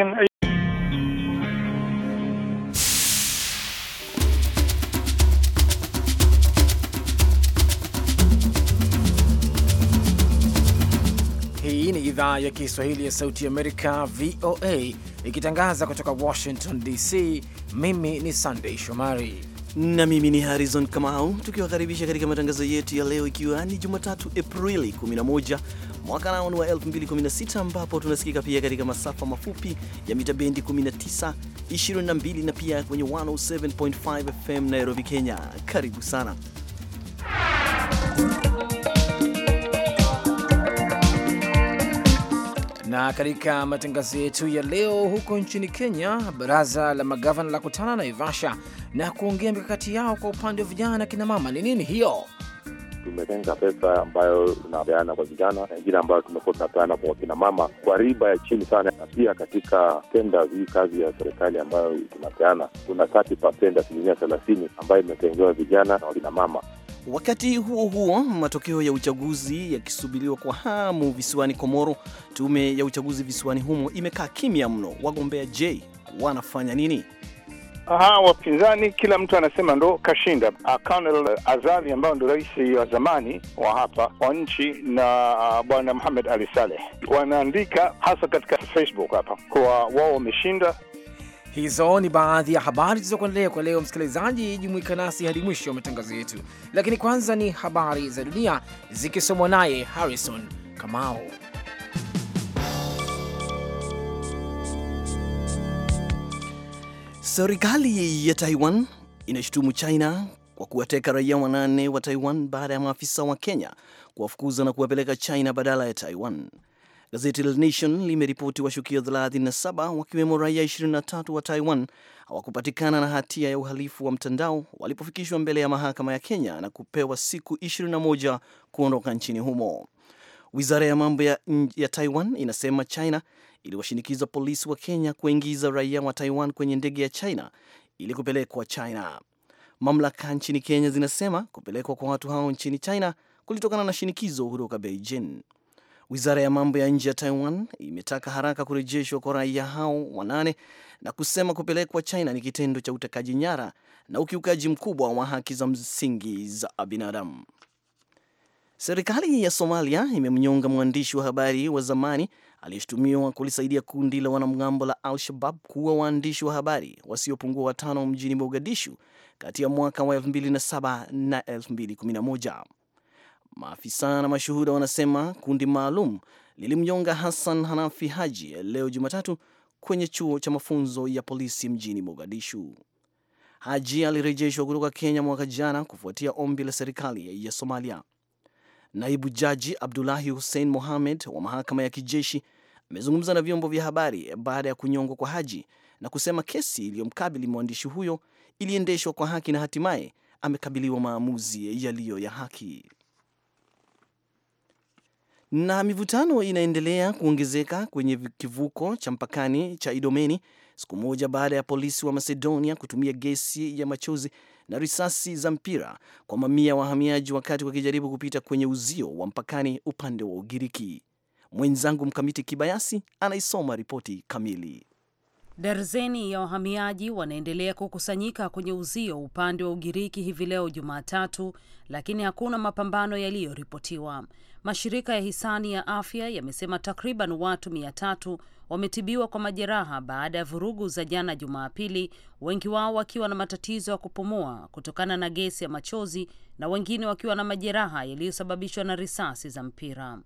Hii ni idhaa ya Kiswahili ya Sauti Amerika, VOA, ikitangaza kutoka Washington DC. Mimi ni Sandei Shomari na mimi ni Harrison Kamau, tukiwakaribisha katika matangazo yetu ya leo, ikiwa ni Jumatatu Aprili 11 mwaka ni wa 2016 ambapo tunasikika pia katika masafa mafupi ya mita bendi 19, 22 na pia kwenye 107.5 FM Nairobi, Kenya. Karibu sana. Na katika matangazo yetu ya leo, huko nchini Kenya, baraza la magavana la kutana na Naivasha na kuongea mikakati yao kwa upande wa vijana na kinamama. Ni nini hiyo? tumetenga pesa ambayo tunapeana kwa vijana na ingine ambayo tumekuwa tunapeana kwa wakinamama kwa riba ya chini sana, na pia katika tenda hii kazi ya serikali ambayo tunapeana kuna pasenti asilimia thelathini ambayo imetengewa vijana na wakinamama. Wakati huo huo, matokeo ya uchaguzi yakisubiriwa kwa hamu visiwani Komoro, tume ya uchaguzi visiwani humo imekaa kimya mno. Wagombea je, wanafanya nini? Aha, wapinzani kila mtu anasema ndo kashinda. Ah, Colonel Azali ambayo ndo rais wa zamani wa hapa wa nchi na ah, bwana Muhamed Ali Saleh wanaandika hasa katika Facebook hapa kwa wao wameshinda. Hizo ni baadhi ya habari zilizokuendelea kwa leo. Msikilizaji, jumuika nasi hadi mwisho wa matangazo yetu, lakini kwanza ni habari za dunia zikisomwa naye Harrison Kamau. Serikali ya Taiwan inashutumu China kwa kuwateka raia wanane wa Taiwan baada ya maafisa wa Kenya kuwafukuza na kuwapeleka China badala ya Taiwan. Gazeti la Nation limeripoti washukio 37 wakiwemo raia 23 wa Taiwan hawakupatikana na hatia ya uhalifu wa mtandao walipofikishwa mbele ya mahakama ya Kenya na kupewa siku 21 kuondoka nchini humo. Wizara ya mambo ya, ya Taiwan inasema China iliwashinikiza polisi wa Kenya kuingiza raia wa Taiwan kwenye ndege ya China ili kupelekwa China. Mamlaka nchini Kenya zinasema kupelekwa kwa watu hao nchini China kulitokana na shinikizo kutoka Beijing. Wizara ya mambo ya nje ya Taiwan imetaka haraka kurejeshwa kwa raia hao wanane na kusema kupelekwa China ni kitendo cha utekaji nyara na ukiukaji mkubwa wa haki za msingi za binadamu. Serikali ya Somalia imemnyonga mwandishi wa habari wa zamani aliyeshutumiwa kulisaidia kundi la wanamgambo la Al-Shabab kuua waandishi wa habari wasiopungua watano mjini Mogadishu kati ya mwaka wa 2007 na 2011. Maafisa na mashuhuda wanasema kundi maalum lilimnyonga Hassan Hanafi Haji leo Jumatatu kwenye chuo cha mafunzo ya polisi mjini Mogadishu. Haji alirejeshwa kutoka Kenya mwaka jana kufuatia ombi la serikali ya Somalia. Naibu jaji Abdulahi Hussein Mohamed wa mahakama ya kijeshi amezungumza na vyombo vya habari baada ya kunyongwa kwa Haji na kusema kesi iliyomkabili mwandishi huyo iliendeshwa kwa haki na hatimaye amekabiliwa maamuzi yaliyo ya haki. Na mivutano inaendelea kuongezeka kwenye kivuko cha mpakani cha Idomeni siku moja baada ya polisi wa Macedonia kutumia gesi ya machozi na risasi za mpira kwa mamia wahamiaji wakati wakijaribu kupita kwenye uzio wa mpakani upande wa Ugiriki. Mwenzangu Mkamiti Kibayasi anaisoma ripoti kamili. Darzeni ya wahamiaji wanaendelea kukusanyika kwenye uzio upande wa Ugiriki hivi leo Jumatatu, lakini hakuna mapambano yaliyoripotiwa. Mashirika ya hisani ya afya yamesema takriban watu mia tatu wametibiwa kwa majeraha baada ya vurugu za jana Jumapili, wengi wao wakiwa na matatizo ya kupumua kutokana na gesi ya machozi na wengine wakiwa na majeraha yaliyosababishwa na risasi za mpira.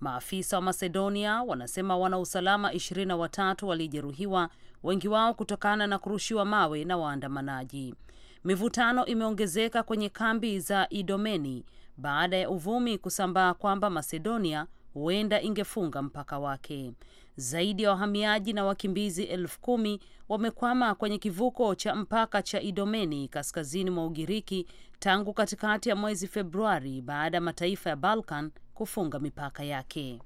Maafisa wa Macedonia wanasema wanausalama ishirini na watatu walijeruhiwa, wengi wao kutokana na kurushiwa mawe na waandamanaji. Mivutano imeongezeka kwenye kambi za Idomeni baada ya uvumi kusambaa kwamba Macedonia huenda ingefunga mpaka wake. Zaidi ya wahamiaji na wakimbizi elfu kumi wamekwama kwenye kivuko cha mpaka cha Idomeni kaskazini mwa Ugiriki tangu katikati ya mwezi Februari baada ya mataifa ya Balkan kufunga mipaka yake.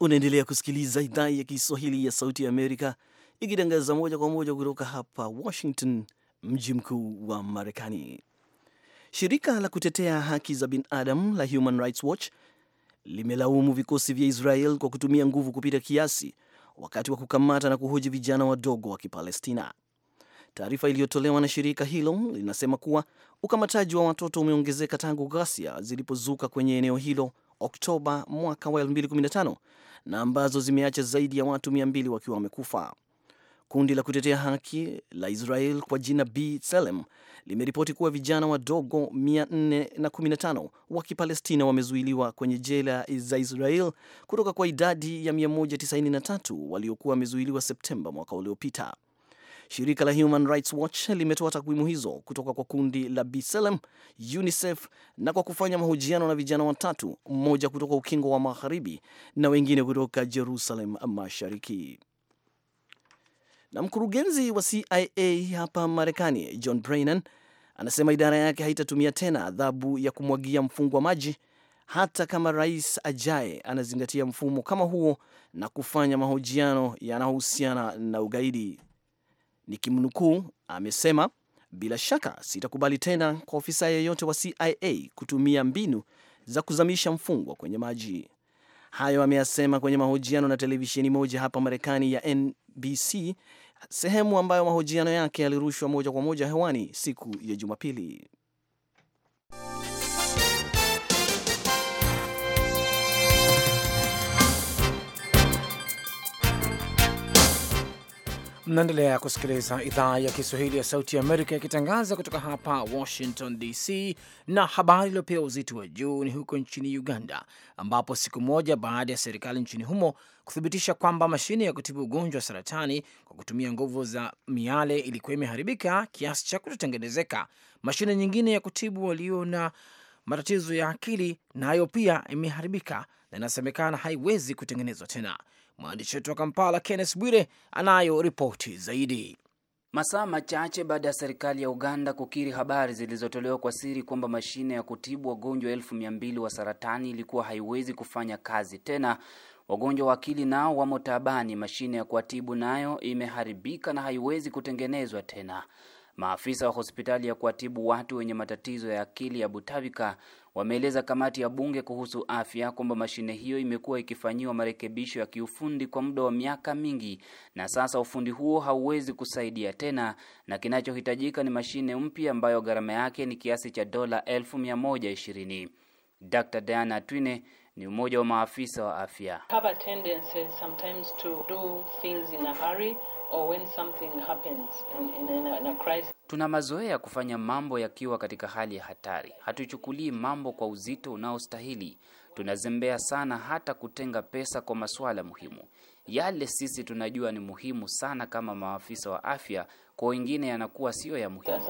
Unaendelea kusikiliza idhaa ya Kiswahili ya Sauti ya Amerika ikitangaza moja kwa moja kutoka hapa Washington, mji mkuu wa Marekani. Shirika la kutetea haki za binadamu la Human Rights Watch limelaumu vikosi vya Israel kwa kutumia nguvu kupita kiasi wakati wa kukamata na kuhoji vijana wadogo wa Kipalestina. Taarifa iliyotolewa na shirika hilo linasema kuwa ukamataji wa watoto umeongezeka tangu ghasia zilipozuka kwenye eneo hilo Oktoba mwaka wa 2015 na ambazo zimeacha zaidi ya watu 200 wakiwa wamekufa. Kundi la kutetea haki la Israel kwa jina B'Tselem limeripoti kuwa vijana wadogo 415 wa Kipalestina wamezuiliwa kwenye jela za Israel kutoka kwa idadi ya 193 waliokuwa wamezuiliwa Septemba mwaka uliopita. Shirika la Human Rights Watch limetoa takwimu hizo kutoka kwa kundi la B'Tselem, UNICEF na kwa kufanya mahojiano na vijana watatu, mmoja kutoka ukingo wa magharibi na wengine kutoka Jerusalem mashariki. Na mkurugenzi wa CIA hapa Marekani John Brennan anasema idara yake haitatumia tena adhabu ya kumwagia mfungwa maji hata kama rais ajaye anazingatia mfumo kama huo na kufanya mahojiano yanayohusiana na ugaidi. Nikimnukuu, amesema bila shaka sitakubali tena kwa ofisa yeyote wa CIA kutumia mbinu za kuzamisha mfungwa kwenye maji. Hayo ameyasema kwenye mahojiano na televisheni moja hapa Marekani ya NBC, sehemu ambayo mahojiano yake yalirushwa moja kwa moja hewani siku ya Jumapili. Mnaendelea kusikiliza idhaa ya Kiswahili ya Sauti ya Amerika ikitangaza kutoka hapa Washington DC, na habari iliyopewa uzito wa juu ni huko nchini Uganda, ambapo siku moja baada ya serikali nchini humo kuthibitisha kwamba mashine ya kutibu ugonjwa wa saratani kwa kutumia nguvu za miale ilikuwa imeharibika kiasi cha kutotengenezeka, mashine nyingine ya kutibu walio na matatizo ya akili nayo na pia imeharibika na inasemekana haiwezi kutengenezwa tena. Mwandishi wetu wa Kampala, Kenneth Bwire, anayo ripoti zaidi. Masaa machache baada ya serikali ya Uganda kukiri habari zilizotolewa kwa siri kwamba mashine ya kutibu wagonjwa elfu mia mbili wa saratani ilikuwa haiwezi kufanya kazi tena, wagonjwa wa akili nao wamo taabani. Mashine ya kuwatibu nayo imeharibika na haiwezi kutengenezwa tena. Maafisa wa hospitali ya kuwatibu watu wenye matatizo ya akili ya Butavika Wameeleza kamati ya bunge kuhusu afya kwamba mashine hiyo imekuwa ikifanyiwa marekebisho ya kiufundi kwa muda wa miaka mingi na sasa ufundi huo hauwezi kusaidia tena, na kinachohitajika ni mashine mpya ambayo gharama yake ni kiasi cha dola 120 Dr. Diana Twine ni mmoja wa maafisa wa afya or when something happens in, in, in a, in a crisis. Tuna mazoea ya kufanya mambo yakiwa katika hali ya hatari. Hatuchukulii mambo kwa uzito unaostahili. Tunazembea sana hata kutenga pesa kwa masuala muhimu. Yale sisi tunajua ni muhimu sana kama maafisa wa afya, kwa wengine yanakuwa siyo ya muhimu.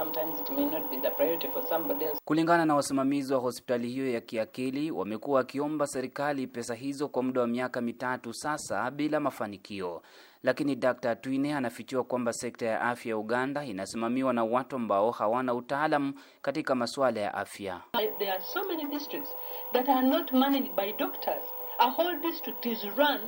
Kulingana na wasimamizi wa hospitali hiyo ya kiakili, wamekuwa wakiomba serikali pesa hizo kwa muda wa miaka mitatu sasa bila mafanikio. Lakini Dr. Twine anafichua kwamba sekta ya afya ya Uganda inasimamiwa na watu ambao hawana utaalamu katika masuala ya afya. There are so many districts that are not managed by doctors. A whole district is run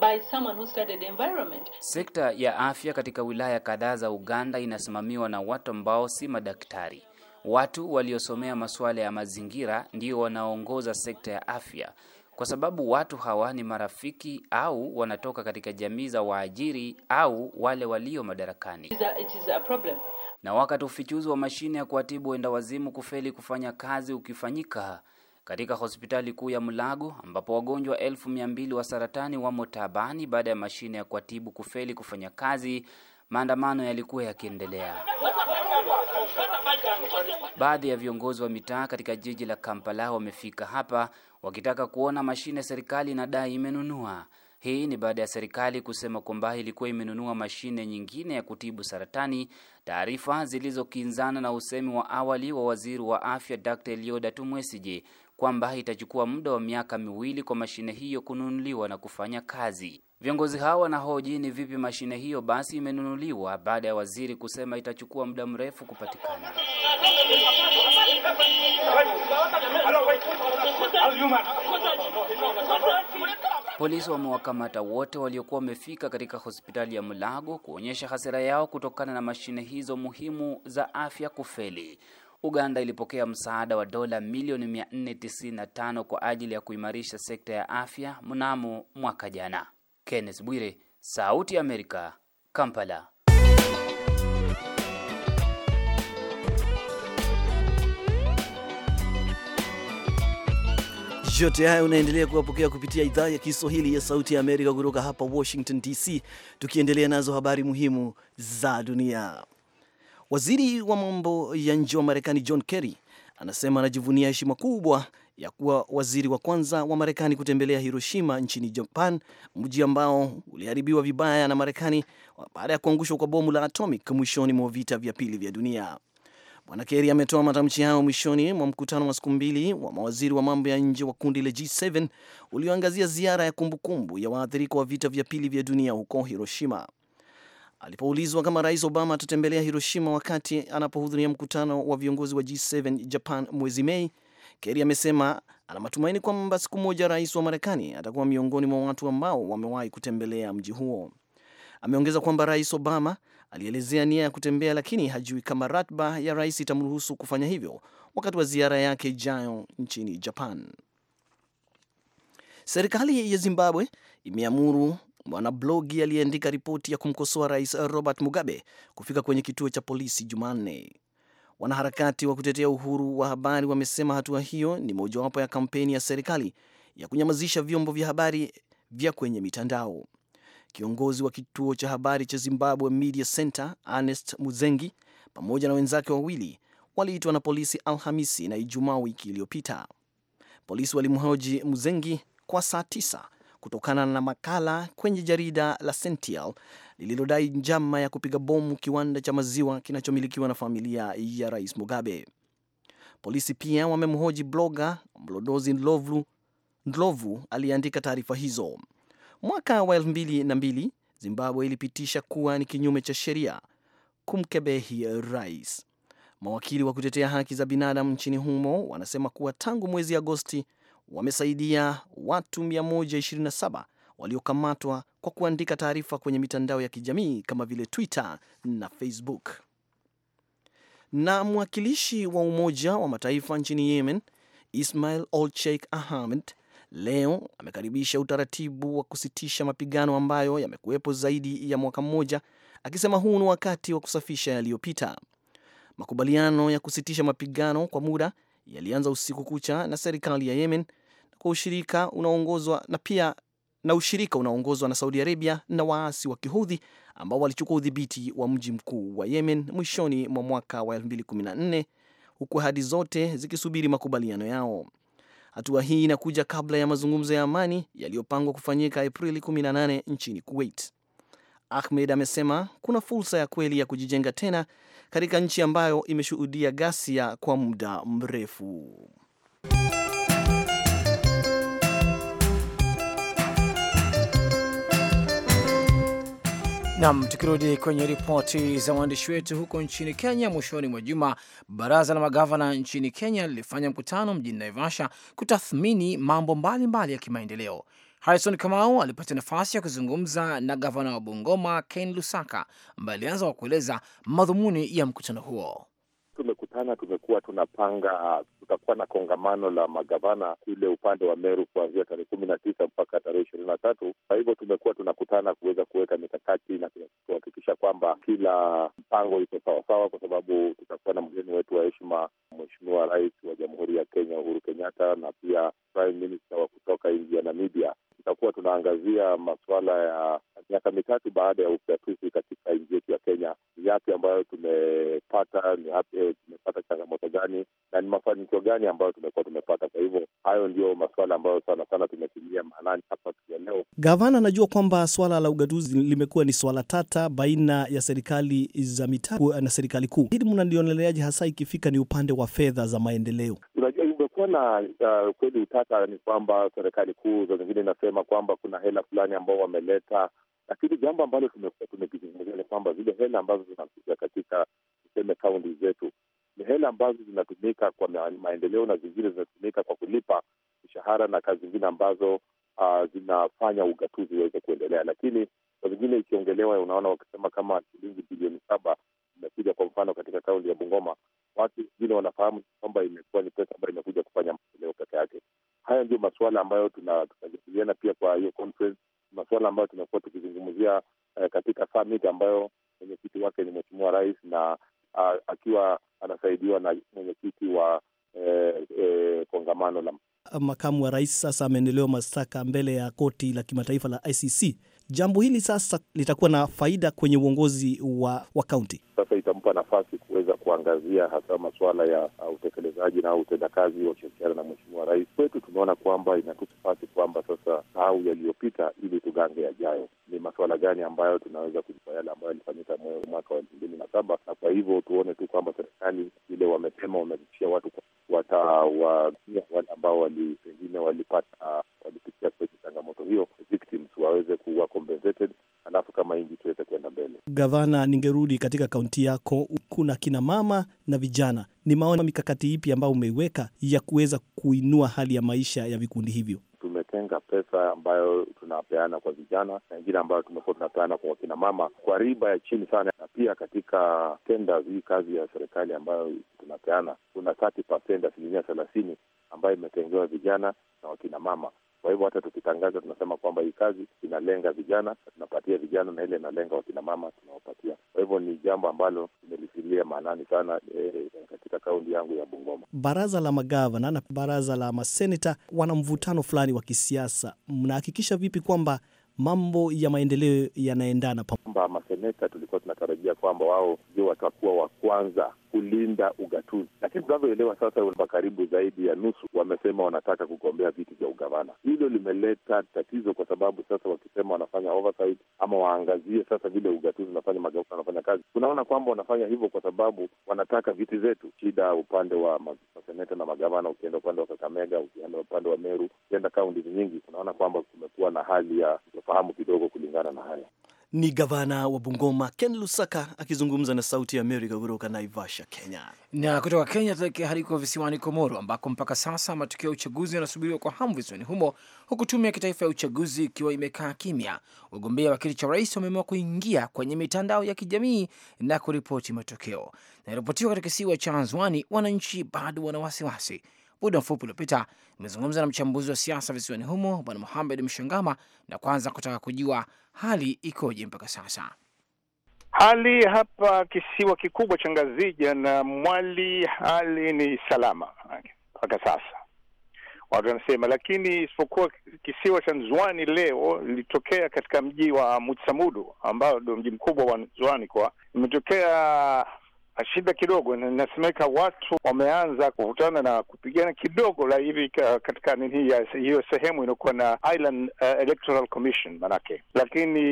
By someone who studied environment. Sekta ya afya katika wilaya kadhaa za Uganda inasimamiwa na watu ambao si madaktari. Watu waliosomea masuala ya mazingira ndio wanaongoza sekta ya afya kwa sababu watu hawa ni marafiki au wanatoka katika jamii za waajiri au wale walio madarakani. It is a, it is a Na wakati ufichuzi wa mashine ya kuwatibu wenda wazimu kufeli kufanya kazi ukifanyika katika hospitali kuu ya Mulago ambapo wagonjwa elfu mia mbili wa saratani wamo taabani baada ya mashine ya kuwatibu kufeli kufanya kazi, maandamano yalikuwa yakiendelea. Baadhi ya viongozi wa mitaa katika jiji la Kampala wamefika hapa wakitaka kuona mashine serikali inadai imenunua. Hii ni baada ya serikali kusema kwamba ilikuwa imenunua mashine nyingine ya kutibu saratani, taarifa zilizokinzana na usemi wa awali wa waziri wa afya Dr. Elioda Tumwesije kwamba itachukua muda wa miaka miwili kwa mashine hiyo kununuliwa na kufanya kazi. Viongozi hao wanahoji ni vipi mashine hiyo basi imenunuliwa baada ya waziri kusema itachukua muda mrefu kupatikana. Polisi wamewakamata wote waliokuwa wamefika katika hospitali ya Mulago kuonyesha hasira yao kutokana na mashine hizo muhimu za afya kufeli. Uganda ilipokea msaada wa dola milioni 495 kwa ajili ya kuimarisha sekta ya afya mnamo mwaka jana. Kenneth Bwire, Sauti ya Amerika, Kampala. Yote haya unaendelea kuwapokea kupitia idhaa ya Kiswahili ya Sauti ya Amerika kutoka hapa Washington DC, tukiendelea nazo habari muhimu za dunia. Waziri wa mambo ya nje wa Marekani John Kerry anasema anajivunia heshima kubwa ya kuwa waziri wa kwanza wa Marekani kutembelea Hiroshima nchini Japan, mji ambao uliharibiwa vibaya na Marekani baada ya kuangushwa kwa bomu la atomic mwishoni mwa vita vya pili vya dunia. Bwana Kerry ametoa matamshi hayo mwishoni mwa mkutano wa siku mbili wa mawaziri wa mambo ya nje wa kundi la G7 ulioangazia ziara ya kumbukumbu ya waathirika wa vita vya pili vya dunia huko Hiroshima. Alipoulizwa kama Rais Obama atatembelea Hiroshima wakati anapohudhuria mkutano wa viongozi wa G7 Japan mwezi Mei, Kerry amesema ana matumaini kwamba siku moja rais wa Marekani atakuwa miongoni mwa watu ambao wamewahi kutembelea mji huo. Ameongeza kwamba Rais Obama alielezea nia ya kutembea, lakini hajui kama ratiba ya rais itamruhusu kufanya hivyo wakati wa ziara yake ijayo nchini Japan. Serikali ya Zimbabwe imeamuru mwanablogi aliyeandika ripoti ya kumkosoa rais Robert Mugabe kufika kwenye kituo cha polisi Jumanne. Wanaharakati wa kutetea uhuru wa habari wamesema hatua hiyo ni mojawapo ya kampeni ya serikali ya kunyamazisha vyombo vya habari vya kwenye mitandao. Kiongozi wa kituo cha habari cha Zimbabwe Media Center Ernest Muzengi pamoja na wenzake wawili waliitwa na polisi Alhamisi na Ijumaa wiki iliyopita. Polisi walimhoji Muzengi kwa saa tisa kutokana na makala kwenye jarida la Sentinel lililodai njama ya kupiga bomu kiwanda cha maziwa kinachomilikiwa na familia ya Rais Mugabe. Polisi pia wamemhoji bloga Mlodozi Ndlovu aliyeandika taarifa hizo. Mwaka wa mbili Zimbabwe ilipitisha kuwa ni kinyume cha sheria kumkebehi rais. Mawakili wa kutetea haki za binadamu nchini humo wanasema kuwa tangu mwezi Agosti wamesaidia watu 127 waliokamatwa kwa kuandika taarifa kwenye mitandao ya kijamii kama vile Twitter na Facebook. Na mwakilishi wa Umoja wa Mataifa nchini Yemen Ismail Olcheik Ahmed leo amekaribisha utaratibu wa kusitisha mapigano ambayo yamekuwepo zaidi ya mwaka mmoja, akisema huu ni wakati wa kusafisha yaliyopita. Makubaliano ya kusitisha mapigano kwa muda yalianza usiku kucha na serikali ya Yemen kwa ushirika unaongozwa na pia na ushirika unaoongozwa na Saudi Arabia na waasi wa Kihudhi ambao walichukua udhibiti wa mji mkuu wa Yemen mwishoni mwa mwaka wa 2014 huku hadi zote zikisubiri makubaliano yao. Hatua hii inakuja kabla ya mazungumzo ya amani yaliyopangwa kufanyika Aprili 18 nchini Kuwait. Ahmed amesema kuna fursa ya kweli ya kujijenga tena katika nchi ambayo imeshuhudia ghasia kwa muda mrefu. Nam, tukirudi kwenye ripoti za waandishi wetu huko nchini Kenya, mwishoni mwa juma baraza la magavana nchini Kenya lilifanya mkutano mjini Naivasha kutathmini mambo mbalimbali mbali ya kimaendeleo. Harrison Kamau alipata nafasi ya kuzungumza na gavana wa Bungoma Ken Lusaka, ambaye alianza kwa kueleza madhumuni ya mkutano huo tumekutana, tumekuwa tunapanga, tutakuwa na kongamano la magavana kule upande wa Meru kuanzia tarehe kumi na tisa mpaka tarehe ishirini na tatu. Kwa hivyo tumekuwa tunakutana kuweza kuweka mikakati na kuhakikisha kwamba kila mpango iko sawasawa, kwa sababu tutakuwa na mgeni wetu wa heshima, Mheshimiwa Rais wa Jamhuri ya Kenya Uhuru Kenyatta, na pia Prime Minister wa kutoka nchi ya Namibia tutakuwa tunaangazia masuala ya miaka mitatu baada ya ugatuzi katika nchi yetu ya Kenya. Ni yapi ambayo tumepata, ni yapi eh, tumepata changamoto gani, na ni mafanikio gani ambayo tumekuwa tumepata? Kwa hivyo hayo ndio masuala ambayo sana sana tumetilia maanani hapa ya leo. Gavana anajua kwamba swala la ugatuzi limekuwa ni swala tata baina ya serikali za mitaa na serikali kuu. Hili mnalioneleaje hasa ikifika ni upande wa fedha za maendeleo? Unajua na uh, kweli utata ni kwamba serikali kuu za zingine inasema kwamba kuna hela fulani ambao wameleta, lakini jambo ambalo tumekuwa tumekizungumzia ni kwamba zile hela ambazo zinakuja katika tuseme kaunti zetu ni hela ambazo zinatumika kwa maendeleo na zingine zinatumika kwa kulipa mishahara na kazi zingine ambazo uh, zinafanya ugatuzi uweze kuendelea, lakini kwa zingine ikiongelewa, unaona wakisema kama shilingi bilioni saba imekuja kwa mfano katika kaunti ya Bungoma watu vile wanafahamu kwamba imekuwa ni pesa ambayo imekuja kufanya maendeleo peke yake. Haya ndio masuala ambayo tutajadiliana pia kwa hiyo conference, masuala ambayo tumekuwa tukizungumzia eh, katika summit ambayo mwenyekiti wake ni mheshimiwa rais na a, akiwa anasaidiwa na mwenyekiti wa eh, eh, kongamano la makamu wa rais. Sasa ameendelewa mashtaka mbele ya koti la kimataifa la ICC. Jambo hili sasa litakuwa na faida kwenye uongozi wa kaunti, sasa itampa nafasi kuangazia hasa masuala ya utekelezaji na utendakazi wa ushirikiano na mheshimiwa rais kwetu, tumeona kwamba inatusipasi kwamba sasa sahau yaliyopita ili tugange yajayo. Ni masuala gani ambayo tunaweza kujipa yale ambayo yalifanyika mwaka wa elfu mbili na saba, na kwa hivyo tuone tu kwamba serikali ile wamesema wameishia watu watawaia wale ambao wali pengine walipata walipitia kwenye changamoto hiyo victims waweze kuwa compensated, alafu kama ingi Gavana, ningerudi katika kaunti yako. Kuna kina mama na vijana, ni maona mikakati ipi ambayo umeiweka ya kuweza kuinua hali ya maisha ya vikundi hivyo? Tumetenga pesa ambayo tunapeana kwa vijana na ingine ambayo tumekuwa tunapeana kwa wakina mama kwa riba ya chini sana, na pia katika tenda hii kazi ya serikali ambayo tunapeana kuna asilimia thelathini ambayo imetengewa vijana na wakina mama kwa hivyo hata tukitangaza tunasema kwamba hii kazi inalenga vijana, tunapatia vijana, na ile inalenga wakinamama tunawapatia. Kwa hivyo ni jambo ambalo imelifilia maanani sana e, katika kaunti yangu ya Bungoma. Baraza la magavana na baraza la maseneta wana mvutano fulani wa kisiasa, mnahakikisha vipi kwamba mambo ya maendeleo yanaendana pamoja. Maseneta tulikuwa tunatarajia kwamba wao ndio watakuwa wa kwanza kulinda ugatuzi, lakini tunavyoelewa sasa, karibu zaidi ya nusu wamesema wanataka kugombea viti vya ugavana. Hilo limeleta tatizo, kwa sababu sasa wakisema wanafanya oversight ama waangazie sasa vile ugatuzi unafanya, magavana wanafanya kazi, tunaona kwamba wanafanya hivyo kwa sababu wanataka viti zetu. Shida upande wa maseneta na magavana, ukienda upande wa Kakamega, ukienda upande wa Meru, ukienda kaunti nyingi, tunaona kwamba kumekuwa na hali ya tunafahamu kidogo kulingana na haya. Ni gavana wa Bungoma Ken Lusaka akizungumza na Sauti ya Amerika kutoka Naivasha, Kenya. Na kutoka Kenya tuelekea hadi kwa visiwani Komoro, ambako mpaka sasa matokeo ya uchaguzi yanasubiriwa kwa hamu visiwani humo, huku tume ya kitaifa ya uchaguzi ikiwa imekaa kimya. Wagombea wa kiti cha urais wameamua kuingia kwenye mitandao ya kijamii na kuripoti matokeo. Na katika kisiwa cha Anzwani, wananchi bado wana wasiwasi muda mfupi uliopita nimezungumza na mchambuzi wa siasa visiwani humo Bwana Muhamed Mshangama, na kwanza kutaka kujua hali ikoje mpaka sasa. Hali hapa kisiwa kikubwa cha Ngazija na Mwali, hali ni salama mpaka sasa watu wanasema, lakini isipokuwa kisiwa cha Nzwani leo lilitokea katika mji wa Mutsamudu ambao ndio mji mkubwa wa Nzwani, kwa imetokea shida kidogo inasemeka, watu wameanza kuvutana na kupigana kidogo la hivi katika nini hiyo sehemu inakuwa na Island uh, Electoral Commission manake, lakini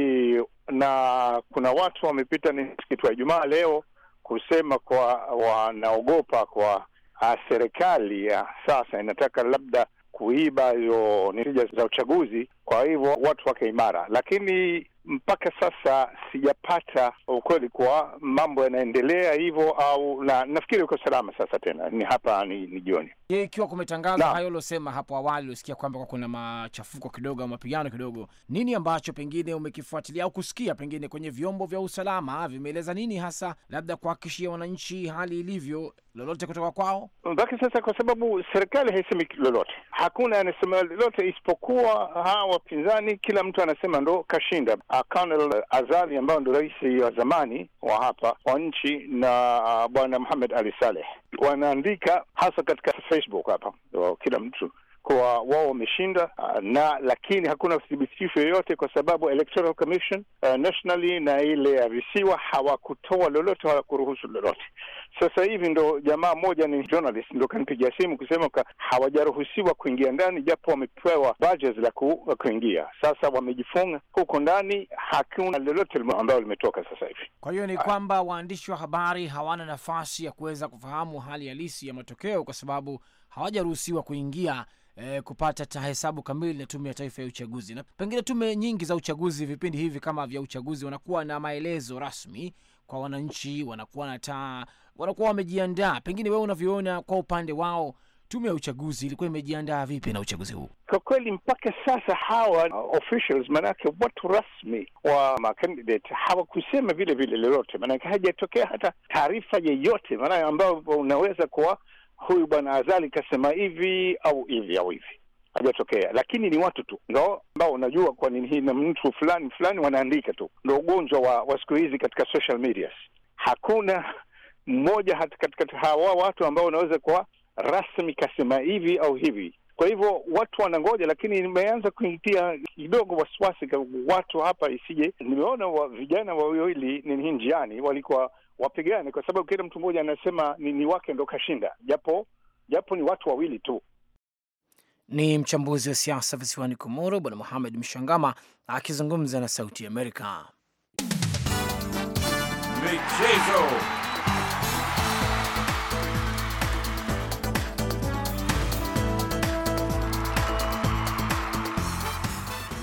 na kuna watu wamepita ni siku ya Ijumaa leo kusema kwa wanaogopa kwa ah, serikali ya sasa inataka labda kuiba hiyo natija za uchaguzi kwa hivyo watu wake imara, lakini mpaka sasa sijapata ukweli kuwa mambo yanaendelea hivyo au na, nafikiri uko salama sasa. Tena ni hapa ni, ni jioni. Je, ikiwa kumetangazwa hayo uliosema hapo awali, ulisikia kwamba kuna machafuko kidogo au mapigano kidogo, nini ambacho pengine umekifuatilia au kusikia pengine kwenye vyombo vya usalama vimeeleza nini hasa, labda kuhakikishia wananchi hali ilivyo, lolote kutoka kwao mpaka sasa? Kwa sababu serikali haisemi lolote, hakuna anasema lolote isipokuwa hawa wapinzani, kila mtu anasema ndo kashinda. Uh, Colonel Azali ambayo ndo rais wa zamani wa hapa wa nchi na uh, bwana Muhamed Ali Saleh wanaandika hasa katika Facebook hapa, uh, kila mtu kwa wao wameshinda, uh, na lakini hakuna uthibitisho yoyote kwa sababu Electoral Commission uh, nationally na ile ya visiwa hawakutoa lolote, hawakuruhusu lolote. Sasa hivi ndo jamaa moja ni journalist ndo kanipigia simu kusema hawajaruhusiwa kuingia ndani, japo wamepewa badges la ku, uh, kuingia. Sasa wamejifunga huko ndani, hakuna lolote ambayo limetoka sasa hivi. Kwa hiyo ni ah. kwamba waandishi wa habari hawana nafasi ya kuweza kufahamu hali halisi ya matokeo kwa sababu hawajaruhusiwa kuingia eh, kupata hesabu kamili na tume ya taifa ya uchaguzi. Na pengine tume nyingi za uchaguzi vipindi hivi kama vya uchaguzi wanakuwa na maelezo rasmi kwa wananchi, wanakuwa na taa, wanakuwa wamejiandaa. Pengine wewe unavyoona kwa upande wao tume ya uchaguzi ilikuwa imejiandaa vipi na uchaguzi huu? Kwa kweli mpaka sasa hawa uh, officials maanake watu rasmi wa makandidate hawakusema vile vile lolote, maanake hajatokea hata taarifa yeyote maanake ambayo unaweza kuwa huyu bwana Azali kasema hivi au hivi au hivi, hajatokea. Lakini ni watu tu ndo ambao unajua kwa nini hii, na mtu fulani fulani wanaandika tu, ndo ugonjwa wa, wa siku hizi katika social medias. Hakuna mmoja katika hawa watu ambao unaweza kuwa rasmi kasema hivi au hivi. Kwa hivyo watu wanangoja, lakini nimeanza kuitia kidogo wasiwasi watu hapa isije. Nimeona wa vijana wawili nini njiani walikuwa wapigane, kwa sababu kila mtu mmoja anasema ni, ni wake ndo kashinda, japo japo ni watu wawili tu. Ni mchambuzi wa siasa visiwani Komoro Bwana Muhamed Mshangama akizungumza na Sauti Amerika. Michezo.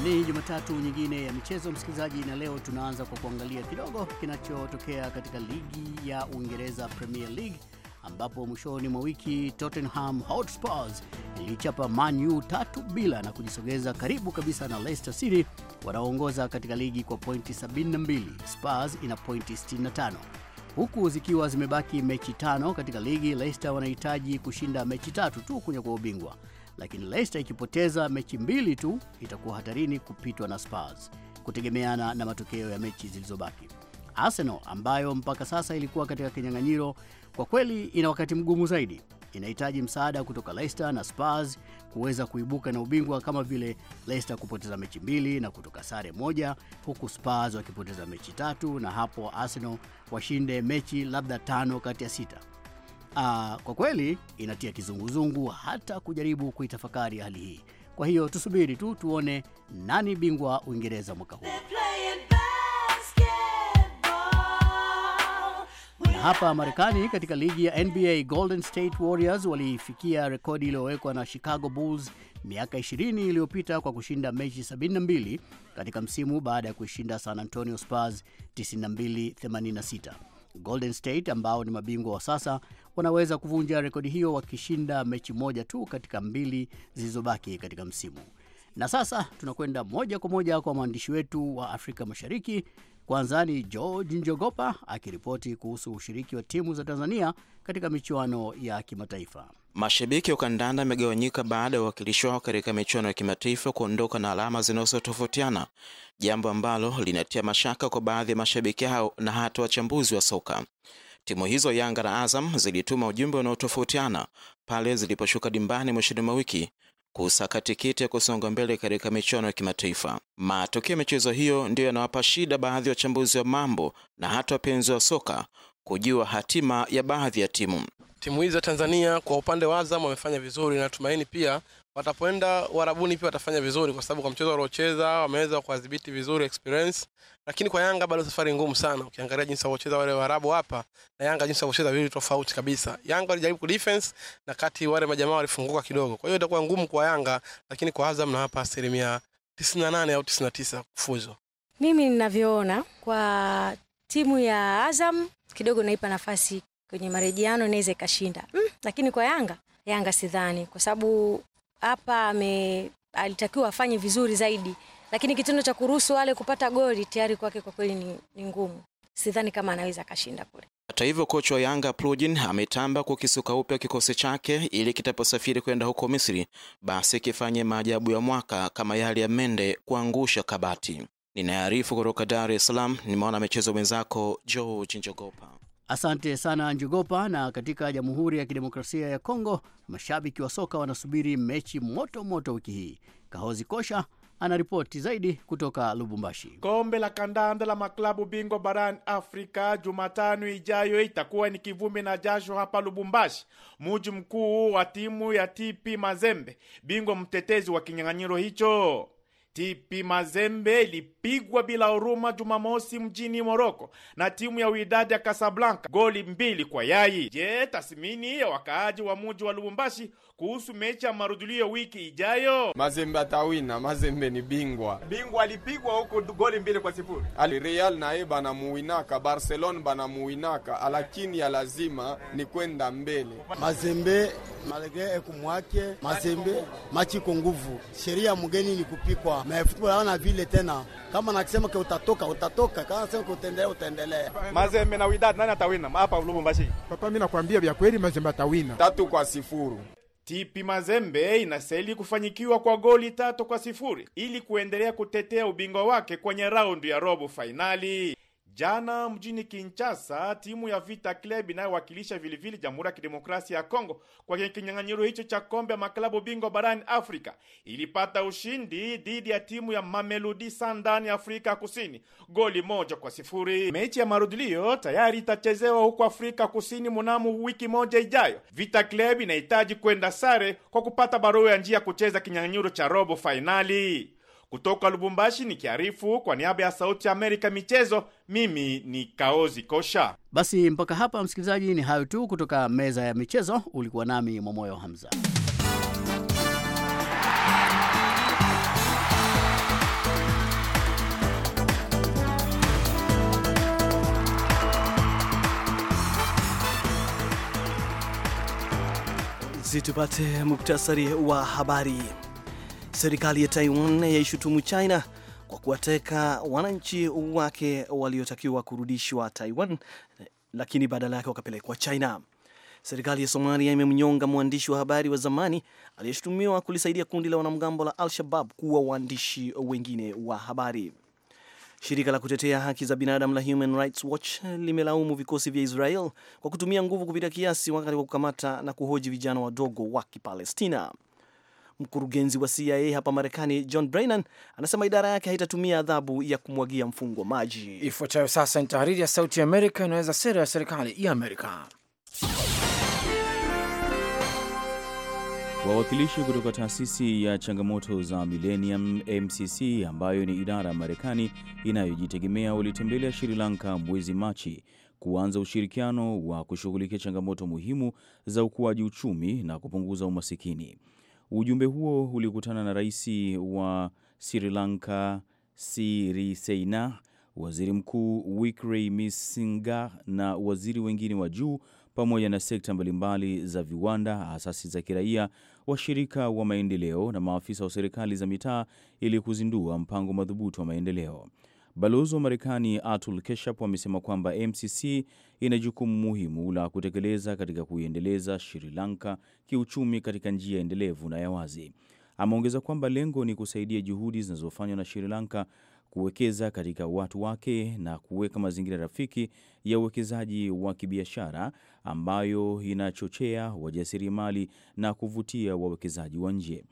Ni Jumatatu nyingine ya michezo msikilizaji, na leo tunaanza kwa kuangalia kidogo kinachotokea katika ligi ya Uingereza, Premier League, ambapo mwishoni mwa wiki Tottenham Hotspur ilichapa Man U tatu bila na kujisogeza karibu kabisa na Leicester City wanaoongoza katika ligi kwa pointi 72. Spurs ina pointi 65 huku zikiwa zimebaki mechi tano katika ligi. Leicester wanahitaji kushinda mechi tatu tu kunyakua ubingwa lakini Leicester ikipoteza mechi mbili tu itakuwa hatarini kupitwa na Spurs kutegemeana na matokeo ya mechi zilizobaki. Arsenal ambayo mpaka sasa ilikuwa katika kinyang'anyiro, kwa kweli ina wakati mgumu zaidi. Inahitaji msaada kutoka Leicester na Spurs kuweza kuibuka na ubingwa, kama vile Leicester kupoteza mechi mbili na kutoka sare moja, huku Spurs wakipoteza mechi tatu, na hapo Arsenal washinde mechi labda tano kati ya sita. Aa, ah, kwa kweli inatia kizunguzungu hata kujaribu kuitafakari hali hii. Kwa hiyo tusubiri tu tuone nani bingwa Uingereza mwaka huu. Na hapa Marekani, katika ligi ya NBA, Golden State Warriors waliifikia rekodi iliyowekwa na Chicago Bulls miaka 20 iliyopita kwa kushinda mechi 72 katika msimu baada ya kuishinda San Antonio Spurs 92-86. Golden State ambao ni mabingwa wa sasa wanaweza kuvunja rekodi hiyo wakishinda mechi moja tu katika mbili zilizobaki katika msimu. Na sasa tunakwenda moja kwa moja kwa mwandishi wetu wa Afrika Mashariki. Kwanza ni George Njogopa akiripoti kuhusu ushiriki wa timu za Tanzania katika michuano ya kimataifa. Mashabiki wa kandanda amegawanyika baada ya uwakilishi wao katika michuano ya kimataifa kuondoka na alama zinazotofautiana, jambo ambalo linatia mashaka kwa baadhi ya mashabiki hao na hata wachambuzi wa soka. Timu hizo Yanga na Azam zilituma ujumbe unaotofautiana pale ziliposhuka dimbani mwishoni mwa wiki kusaka tikiti ya kusonga mbele katika michuano ya kimataifa. Matokeo ya michezo hiyo ndiyo yanawapa shida baadhi ya wachambuzi wa mambo na hata wapenzi wa soka kujua hatima ya baadhi ya timu. Timu hizi za Tanzania kwa upande wa Azam wamefanya vizuri, natumaini pia watapoenda Warabuni pia watafanya vizuri, kwa sababu kwa mchezo waliocheza wameweza kuwadhibiti vizuri experience lakini kwa Yanga bado safari ngumu sana. Ukiangalia jinsi walivyocheza wale Waarabu hapa na Yanga jinsi walivyocheza vile tofauti kabisa. Yanga walijaribu ku defense na kati wale majamaa walifunguka kidogo, kwa hiyo itakuwa ngumu kwa Yanga, lakini kwa Azam na hapa asilimia 98 au 99 kufuzu. Mimi ninavyoona kwa timu ya Azam kidogo naipa nafasi kwenye marejiano inaweza ikashinda mm, lakini kwa Yanga Yanga sidhani, kwa sababu hapa ame alitakiwa afanye vizuri zaidi lakini kitendo cha kuruhusu wale kupata goli tayari kwake kwa kweli ni, ni ngumu. Sidhani kama anaweza akashinda kule. Hata hivyo, kocha wa Yanga Plujin ametamba kukisuka upya kikosi chake ili kitaposafiri kwenda huko Misri basi kifanye maajabu ya mwaka kama yale ya Mende kuangusha kabati. ninayarifu kutoka Dar es Salaam, nimeona michezo mwenzako George Njogopa. Asante sana Njogopa. Na katika Jamhuri ya Kidemokrasia ya Kongo, mashabiki wa soka wanasubiri mechi moto moto wiki hii. Kahozi Kosha anaripoti zaidi kutoka Lubumbashi. Kombe la kandanda la maklabu bingwa barani Afrika Jumatano ijayo itakuwa ni kivumbi na jasho hapa Lubumbashi, muji mkuu wa timu ya TP Mazembe, bingwa mtetezi wa kinyang'anyiro hicho. Tipi Mazembe ilipigwa bila huruma Jumamosi mjini Moroko na timu ya widadi ya Casablanca goli mbili kwa yai. Je, tasimini ya wakaaji wa muji wa Lubumbashi kuhusu mechi ya marudulio wiki ijayo? Mazembe atawina, Mazembe ni bingwa. Bingwa alipigwa huko goli mbili kwa sifuri. Ali Real naye banamuwinaka, Barcelona banamuwinaka, lakini ya lazima ni kwenda mbele. Mazembe malege ekumwake, Mazembe machiko nguvu, sheria mgeni ni kupikwa Football hawana vile tena, kama nakisema ke utatoka utatoka, kama nasema ke utaendelea utaendelea. Mazembe na nani atawina hapa Lubumbashi? Papa, mimi nakwambia vya kweli, Mazembe atawina tatu kwa sifuru. Tipi Mazembe inastahili kufanyikiwa kwa goli tatu kwa sifuri ili kuendelea kutetea ubingwa wake kwenye raundi ya robo fainali. Jana mjini Kinshasa, timu ya Vita Club inayowakilisha vilivile Jamhuri ya Kidemokrasia ya Kongo kwa kinyang'anyiro hicho cha kombe ya maklabu bingwa barani Afrika ilipata ushindi dhidi ya timu ya Mamelodi Sundowns ya Afrika Kusini goli moja kwa sifuri. Mechi ya marudilio tayari itachezewa huko Afrika Kusini mnamo wiki moja ijayo. Vita Club inahitaji kwenda sare kwa kupata barua ya njia ya kucheza kinyang'anyiro cha robo fainali. Kutoka Lubumbashi nikiarifu kwa niaba ya Sauti ya Amerika michezo, mimi ni Kaozi Kosha. Basi mpaka hapa, msikilizaji, ni hayo tu kutoka meza ya michezo. Ulikuwa nami Momoyo Hamza. Tupate muktasari wa habari. Serikali ya Taiwan yaishutumu China kwa kuwateka wananchi wake waliotakiwa kurudishwa Taiwan, lakini badala yake wakapelekwa China. Serikali ya Somalia imemnyonga mwandishi wa habari wa zamani aliyeshutumiwa kulisaidia kundi la wanamgambo la Al-Shabab kuwa waandishi wengine wa habari. Shirika la kutetea haki za binadamu la Human Rights Watch limelaumu vikosi vya Israel kwa kutumia nguvu kupita kiasi wakati wa kukamata na kuhoji vijana wadogo wa Kipalestina. Mkurugenzi wa CIA hapa Marekani, John Brennan, anasema idara yake haitatumia adhabu ya kumwagia mfungwa maji. Ifuatayo sasa ni tahariri ya Sauti ya Amerika inaweza sera ya serikali ya Amerika. Wawakilishi kutoka taasisi ya changamoto za Millennium MCC ambayo ni idara ya Marekani inayojitegemea walitembelea Sri Lanka mwezi Machi kuanza ushirikiano wa kushughulikia changamoto muhimu za ukuaji uchumi na kupunguza umasikini. Ujumbe huo ulikutana na rais wa Sri Lanka Siriseina, waziri mkuu Wickremesinghe na waziri wengine wa juu pamoja na sekta mbalimbali za viwanda, asasi za kiraia, washirika wa maendeleo na maafisa wa serikali za mitaa ili kuzindua mpango madhubuti wa maendeleo. Balozi wa Marekani Atul Keshap amesema kwamba MCC ina jukumu muhimu la kutekeleza katika kuiendeleza Sri Lanka kiuchumi katika njia endelevu na ya wazi. Ameongeza kwamba lengo ni kusaidia juhudi zinazofanywa na Sri Lanka kuwekeza katika watu wake na kuweka mazingira rafiki ya uwekezaji wa kibiashara ambayo inachochea wajasiriamali na kuvutia wawekezaji wa nje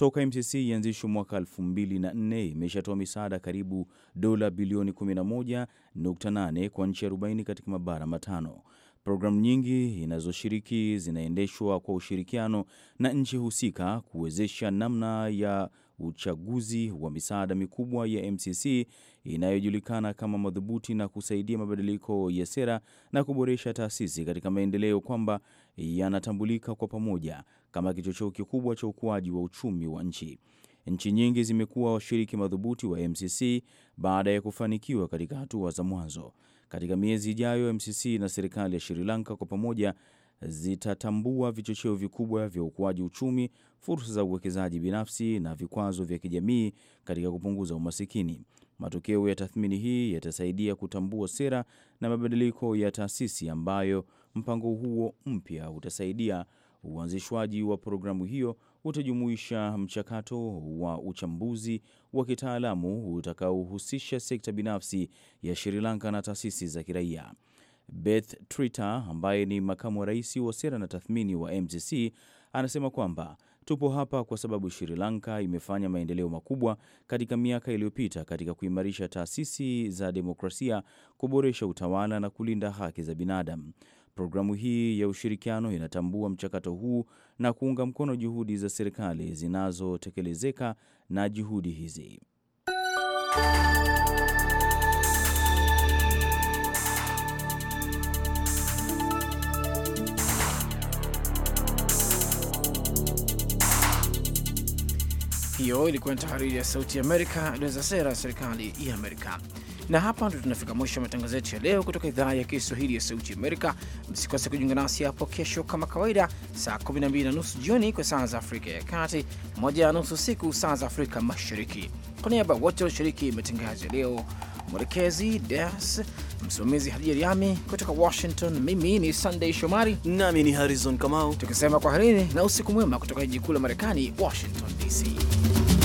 toka MCC ianzishwa mwaka 2004 imeshatoa misaada karibu dola bilioni 11.8 kwa nchi 40 katika mabara matano. Programu nyingi inazoshiriki zinaendeshwa kwa ushirikiano na nchi husika kuwezesha namna ya uchaguzi wa misaada mikubwa ya MCC inayojulikana kama madhubuti na kusaidia mabadiliko ya sera na kuboresha taasisi katika maendeleo kwamba yanatambulika kwa pamoja kama kichocheo kikubwa cha ukuaji wa uchumi wa nchi. Nchi nyingi zimekuwa washiriki madhubuti wa MCC baada ya kufanikiwa katika hatua za mwanzo. Katika miezi ijayo, MCC na serikali ya Sri Lanka kwa pamoja zitatambua vichocheo vikubwa vya ukuaji uchumi, fursa za uwekezaji binafsi na vikwazo vya kijamii katika kupunguza umasikini. Matokeo ya tathmini hii yatasaidia kutambua sera na mabadiliko ya taasisi ambayo Mpango huo mpya utasaidia uanzishwaji wa programu hiyo utajumuisha mchakato wa uchambuzi wa kitaalamu utakaohusisha sekta binafsi ya Sri Lanka na taasisi za kiraia. Beth trite ambaye ni makamu wa rais wa sera na tathmini wa MCC anasema kwamba tupo hapa kwa sababu Sri Lanka imefanya maendeleo makubwa katika miaka iliyopita katika kuimarisha taasisi za demokrasia, kuboresha utawala na kulinda haki za binadamu. Programu hii ya ushirikiano inatambua mchakato huu na kuunga mkono juhudi za serikali zinazotekelezeka na juhudi hizi. Hiyo ilikuwa ni tahariri ya Sauti ya Amerika, iliweza sera ya serikali ya Amerika. Na hapa ndo tunafika mwisho wa matangazo yetu ya leo kutoka idhaa ya Kiswahili ya Sauti Amerika. Msikose kujiunga nasi hapo kesho kama kawaida, saa 12 na nusu jioni kwa saa za Afrika ya Kati, moja na nusu usiku saa za Afrika Mashariki. Kwa niaba wote walioshiriki matangazo ya leo, mwelekezi Des, msimamizi Hadija Riami kutoka Washington, mimi ni Sunday Shomari nami ni Harrison Kamau, tukisema kwaherini na usiku mwema kutoka jiji kuu la Marekani, Washington DC.